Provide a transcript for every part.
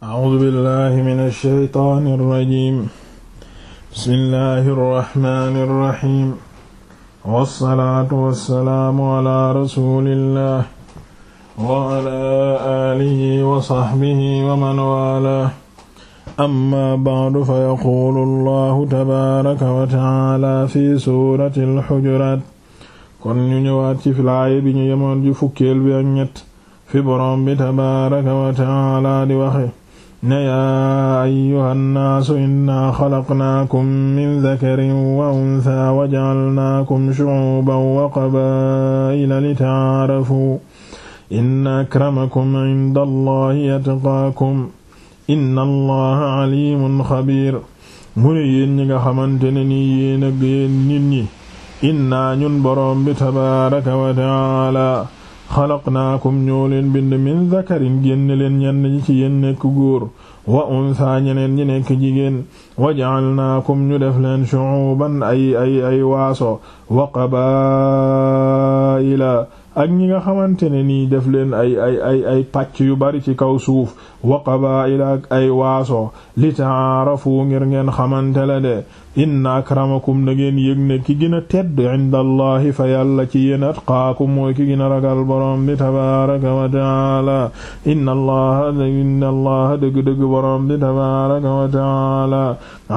A'uuzu billaahi mina shaytaani rajiim. Bismillaahi rahmaani rahiim. Wassalaatu wassalaamu alaa rasuulillaah wa alaa aalihi wa sahbihi wa man waalaah. Ammaa ba'du fa yaquulu Allaahu tabaaraka wa ta'aalaa fi suuratil Hujuraat. Kon ñu ñëwaat ci laaya bi ñu yemoon ji fukkeel bi ak ñett fi Boroom bi tabaaraka wa ta'aalaa di waxe ne yaa ayyuha nnaasu innaa xalaqnaakum min dakarin wa unsaa wa jacalnaakum shucuuban wa qabaa'ila litacaarafuu inna akramakum cinda allahi atqaakum inna allaha caliimun xabiir mu ne yéen ñi nga xamante ne nii yéen ak yéen nit ñi innaa ñun boroom bi tabaaraka wa tacaala xalaqnaakum ñoo leen bind min zakarin génne leen ñenn ñi ci yéen nekk góor wa unsa ñeneen ñi nekk jigéen wa ja'alnaakum ñu def leen shu'uban ay ay ay waaso wa qabaa'ila ak ñi nga xamante ne nii def leen ay ay ay ay pàcc yu bari ci kaw suuf wa qabaa'ila ak ay waaso li ta'aarafu ngir ngeen xamante la de inna akramakum da ngeen yëg ne ki gën a tedd inda allahi fa yàlla ci yéen atqaakum mooy ki gën a ragal borom bi tabaraka wa taala inna allaha inna allaha dëgg-dëgg borom bi tabaraka wa taala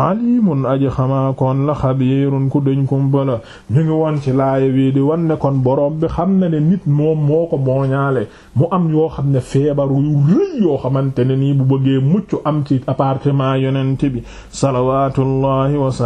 alimun aji xamaakoon la xabiirun ku dëñ kumpala ñu ngi woon ci laaya bii di wan ne kon borom bi xam na ne nit moom moo ko mooñaale mu am yoo xam ne feebaru yu rëy yoo xamante ne nii bu bëggee mucc am ci appartement yonent bi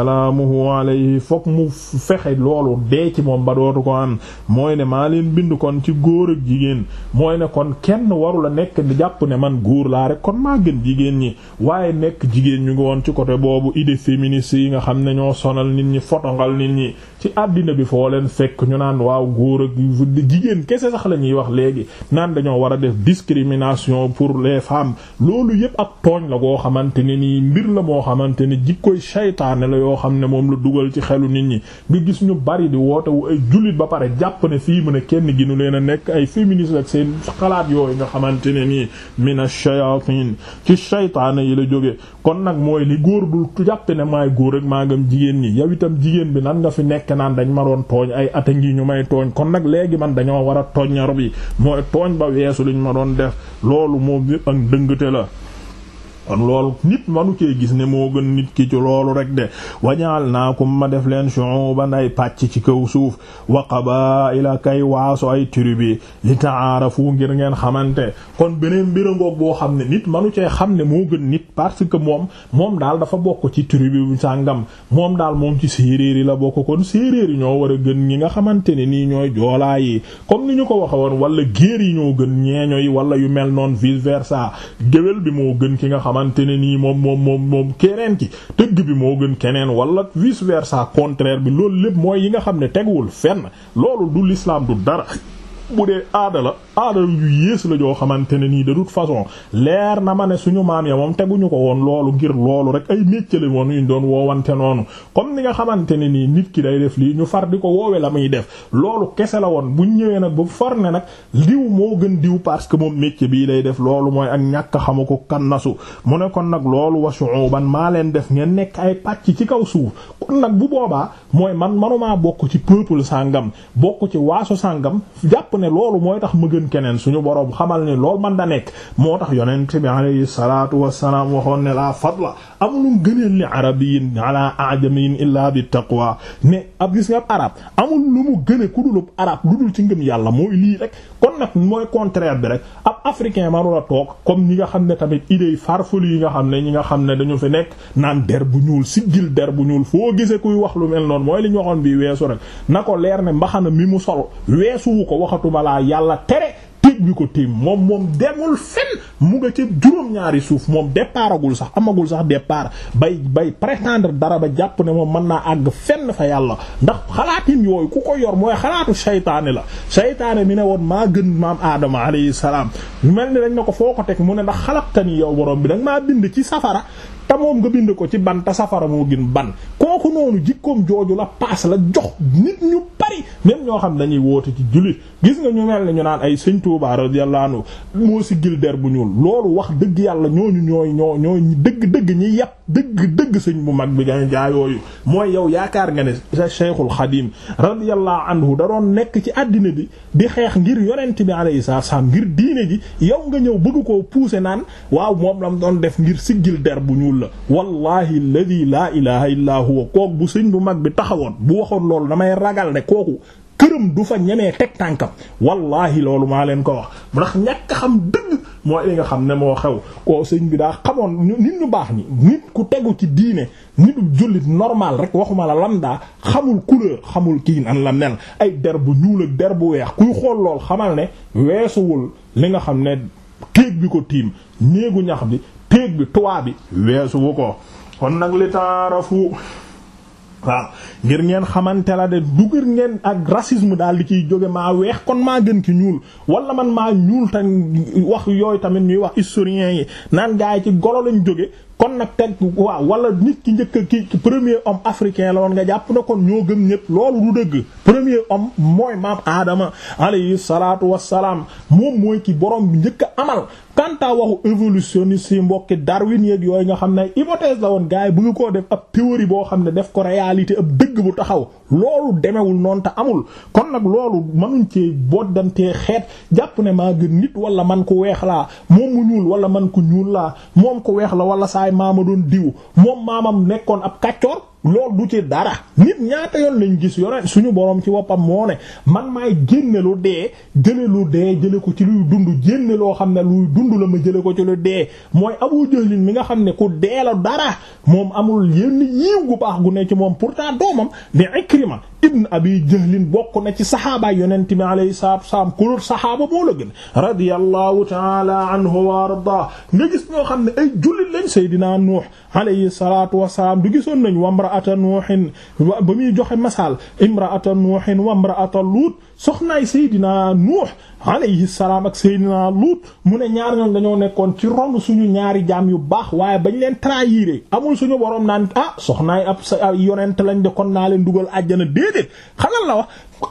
salaamuhu alayhi fokk mu fexe loolu dee ci moom ba dootu ko am mooy ne maa leen bind kon ci góor ak jigéen mooy ne kon kenn waru la nekk di jàpp ne man góor laa rek kon maa gën jigéen ñi waaye nekk jigéen ñu ngi woon ci côté boobu idée féministe yi nga xam ne ñoo sonal nit ñi fotongal nit ñi ci àddina bi foo leen fekk ñu naan waaw góor ak jigéen kese sax la ñuy wax léegi naan dañoo war a def discrimination pour les femmes loolu yépp ak tooñ la goo xamante ne nii mbir la moo xamante ne jikkoy saytaane la yoo xam ne moom la dugal ci xelu nit ñi nga gis ñu bari di woote ay jullit ba pare jàpp ne fii mu ne kenn gi leen a nekk ay féministes ak seen xalaat yooyu nga xamante ne nii mina shayatin ci saytaane yi la jóge kon nag mooy li góor du jàpp ne maay góor ak maa jigéen ñi yow itam jigéen bi nan nga fi nekk naan dañ ma doon tooñ ay at a ngi ñu may tooñ kon nag léegi man dañoo war a tooñ ñaru mooy tooñ ba weesu liñ ma doon def loolu moom yëpp ak ndëngte la kon loolu nit manu cee gis ne moo gën nit ki ci loolu rek de naa waja'alnaakum ma def leen shu'uban ay pàcc ci kaw suuf wa qabaa'ila kay waaso ay tribu li ta'aarafu ngir ngeen xamante kon beneen mbir ngoog boo xam ne nit manu cee xam ne moo gën nit parce que moom moom daal dafa bokk ci tribu bu sàngam moom daal moom ci séeréer la bokk kon séeréer yi ñoo war gën ñi nga xamante ne nii ñooy joolaa yi comme ni ñu ko waxe woon wala géer yi ñoo gën ñeeño yi wala yu mel noonu vice versa géwél bi moo gën ki nga xam xamante ne nii moom moom moom moom keneen ki tëgg bi moo gën keneen wala vice versa contraire bi loolu lépp mooy yi nga xam ne teguwul fenn loolu du lislaam du dara bu dee aada la aada yu yées la joo xamante ne nii de toute façon leer na ma ne suñu maam ya moom teguñu ko woon loolu ngir loolu rek ay métier la woon yuñ doon woowante noonu comme ni nga xamante ne nii nit ki day def lii ñu far di ko woowe la muy def loolu kese la woon buñ ñëwee nag bu far ne nag diw moo gën diw parce que moom métier bii day def loolu mooy ak ñàkk xamu ko kannasu mu ne kon nag loolu wa shu'uban maa leen def ngeen nekk ay pàcc ci kaw suuf kon nag bu boobaa mooy man manuma bokk ci peuple sàngam bokk ci waaso sàngam ne loolu mooy tax ma gën keneen su suñu boroom xamal ne loolu man da nekk moo tax yonent bi alayhi salaatu wassalaam waxoon ne laa fadla amulum gëneel li arabiyin ala ajamiyin illaa bi taqwa ne ab gis nga ab arab amul lu mu gëne ku dulub arab lu dul ci ngëm yàlla mooy lii rek kon nag mooy contraire bi rek ab africain la toog comme ñi nga xam ne tamit idée yi farfelu yi nga xam ne ñi nga xam ne dañu fi nekk naan der bu ñuul siggil der bu ñuul foo gisee kuy wax lu mel noonu mooy li waxoon bii weesu rek na leer ne mbaxana mi mu sol waxatuma laa yàlla tere tiim bi ko tiim moom moom demul fen mu nga ci juróom-ñaari suuf moom départagul sax amagul sax départ bay bay prétendre dara ba jàpp ne moom mën naa àgg fenn fa yàlla ndax xalaatin yooyu ku ko yor mooy xalaatu seytaane la saytaane mu ne woon maa gën maam aadama alayhi salaam mel ni dañ ne ko foo ko teg mu ne ndax xalaqtani yow woroom bi danga maa bind ci safara te moom nga bind ko ci ban te safara moo gën ban kooku noonu jikkoom jooju la même ñoo xam dañuy woote ci jullit gis nga ñu mel ni naan ay sëñ Touba radiyallahu anhu moo si gil der bu ñuul loolu wax dëgg yàlla ñooñu ñooy ñoo ñooy dëgg-dëgg ñi yàpp dëgg-dëgg sëñ bu mag bi gan jaayooyu mooy yow yaakaar nga ne sa Cheikhul Xadim radiyallahu anhu doon nekk ci àddina bi di xeex ngir yonent bi alayhi salaam ngir diine ji yow nga ñëw bëgg ko pousser naan waaw moom lam doon def ngir siggil der bu ñuul la wallahi alladhi la illa huwa kook bu sëñ bu mag bi taxawoon bu waxoon loolu damay ragal ne kooku këram du fa ñemee teg tànkam wallahi loolu maa leen ko wax ndax ñàkk xam dëgg mooy li nga xam ne moo xew koo sëñ bi daa xamoon nit ñu baax ñi nit ku tegu ci diine nit jullit normal rek waxuma la lambda xamul couleur xamul kii nan la mel ay der bu ñuul ak der bu weex kuy xool lool xamal ne weesuwul li nga xam ne téeg bi ko tiim néegu ñax bi téeg bi tuwaa bi weesuwu ko kon nag li taarafu waaw ngir ngeen xamante la de du ngir ngeen ak racisme daal di ciy jóge maa weex kon maa gën ki ñuul wala man maa ñuul te wax yooyu tamit ñuy wax historiens yi naan gaa yi ci golo lañ jóge kon nag teg waaw wala nit ki njëkk ki premier homme africain la woon nga jàpp na kon ñoo gëm ñëpp loolu du dëgg premier om mooy maam aadama alayhi salaatu wassalaam moom mooy ki borom bi njëkk a amal kanta waxu évolutionniste yi mbokki Darwin yeeg yooyu nga xam ne hypothèse la woon gars yi bu nga koo def ab théorie boo xam ne def ko réalité ab dëgg bu taxaw loolu demewul noonu te amul kon nag loolu mënuñ ci boddantee xeet jàpp ne maa gën nit wala man ku weex laa moom wala man ku ñuul laa moom ku weex la wala baay maama doon diw moom maamam nekkoon ab kàccoor loolu du ci dara nit ñaata yoon lañ gis yore suñu borom ci woppam moo man maay génne lu dee jële lu dee jële ko ci luy dund génne loo xam ne luy dund la ma jële ko ci lu dee mooy Abu Jahl mi nga xam ne ku dee la dara moom amul yenn yiw gu baax gu ne ci moom pourtant doomam di Ikrima ibn Abi Jahl bokk na ci saxaabaa yonent bi alayhi salaatu wassalaam kuréel saxaaba moo la gën radiyallahu ta'ala anhu wa arda nga gis ñoo xam ne ay jullit lañ Seydina Nuux alayhi salaatu wassalaam du gisoon nañ wamra imraata nuuhin ba muy joxe masal imraata nuuhin wa imraata luut soxnaay Seydina Nuux alayhi salaam ak Seydina Luut mu ne ñaar ñoom dañoo nekkoon ci ron suñu ñaari jaam yu baax waaye bañ leen trahiré amul suñu borom naan a ah, soxnaay ab yonent lañ de kon naa leen dugal àjjana déedéet xalal la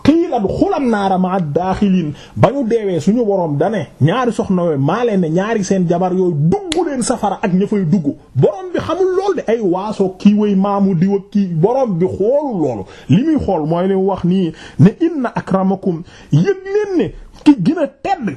xiilan xulam naara ma daaxilin ba ñu deewee suñu borom dane ñaari soxnawe maa leen ne ñaari seen jabar yooyu dugg safara ak ña fay dugg borom bi xamul lool de ay waasoo kii way maamu diwa kii borom bi xoolul loolu li muy xool mooy leen wax nii ne inna akramakum yëg ne ki gën tedd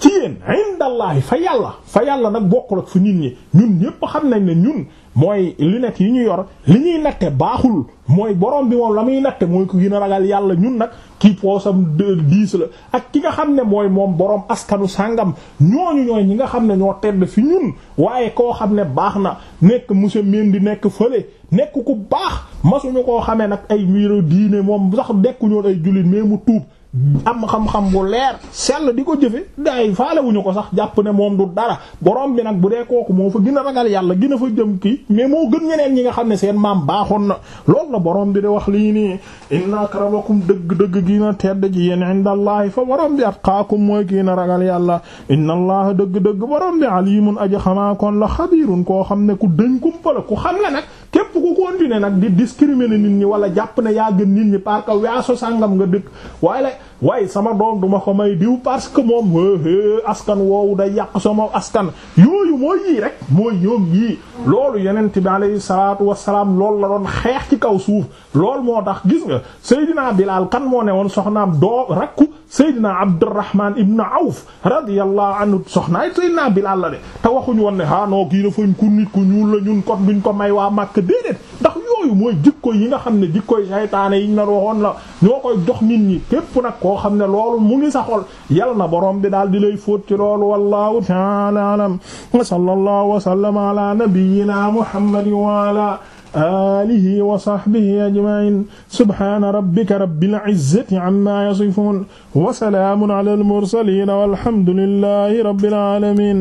ci yéen indallahi fa yàlla fa yàlla nag bokkul ak fu nit ñi ñun ñépp xam nañ ne ñun mooy lunettes yi ñu yor li ñuy natte baaxul mooy borom bi moom la muy natte mooy ku gën a ragal yàlla ñun nag kii poosam diis la ak ki nga xam ne mooy moom boroom askanu sàngam ñooñu ñooy ñi nga xam ne ñoo tedd fi ñun waaye koo xam ne baax na nekk monsieur Mendy nekk fële nekk ku baax masuñu koo xamee nag ay wiro diine moom sax dekku ñoon ay jullit mais mu tuub am xam-xam bu leer sell di ko jëfe gars yi faalewuñu ko sax jàpp ne moom du dara borom bi nag bu dee kooku moo fa gën a ragal yàlla gën a fa jëm kii mais moo gën ñeneen ñi nga xam ne seen maam baaxoon na loolu la borom bi di wax lii nii inna akramakum dëgg-dëgg gii na tedd ji yéen inda allahi fa borom bi atqaakum mooy kii ragal yàlla inna allaha dëgg-dëgg borom bi alimun aji xamaa kon la xabiirun ko xam ne ku dëñ kumpa la ku xam la nag képp ku continuer nag di discriminer nit ñi wala jàpp ne yaa gën nit ñi parce que weesu sàngam nga dëkk waaye la waaye sama doom duma ko may diw parce que moom askan woowu day yàq sama askan yooyu mooy yii rek mooy ñoom yii loolu yonent bi alayhi salaatu wassalaam lool la doon xeex ci kaw suuf lool moo tax gis nga Seydina Bilaal kan moo ne woon soxnaam doo rakku Seydina Abdurrahman ibn Awf radiyallahu anhu soxnaay Seydina Bilaal la de te waxuñu déedéet ndax yooyu mooy jikko yi nga xam ne jikkoy saytaane yi ñu nar waxoon la ñoo koy jox nit ñi képp nag koo xam ne loolu mu ngi sa xol yal na borom bi daal di lay fóot ci loolu wallahu ta'ala alam wa sallallahu wa sallama ala nabiyyina muhammadin wa ala alihi wa sahbihi ajma'in subhana rabbika rabbil izzati amma yasifun wa salamun ala al mursalin walhamdulillahi rabbil alamin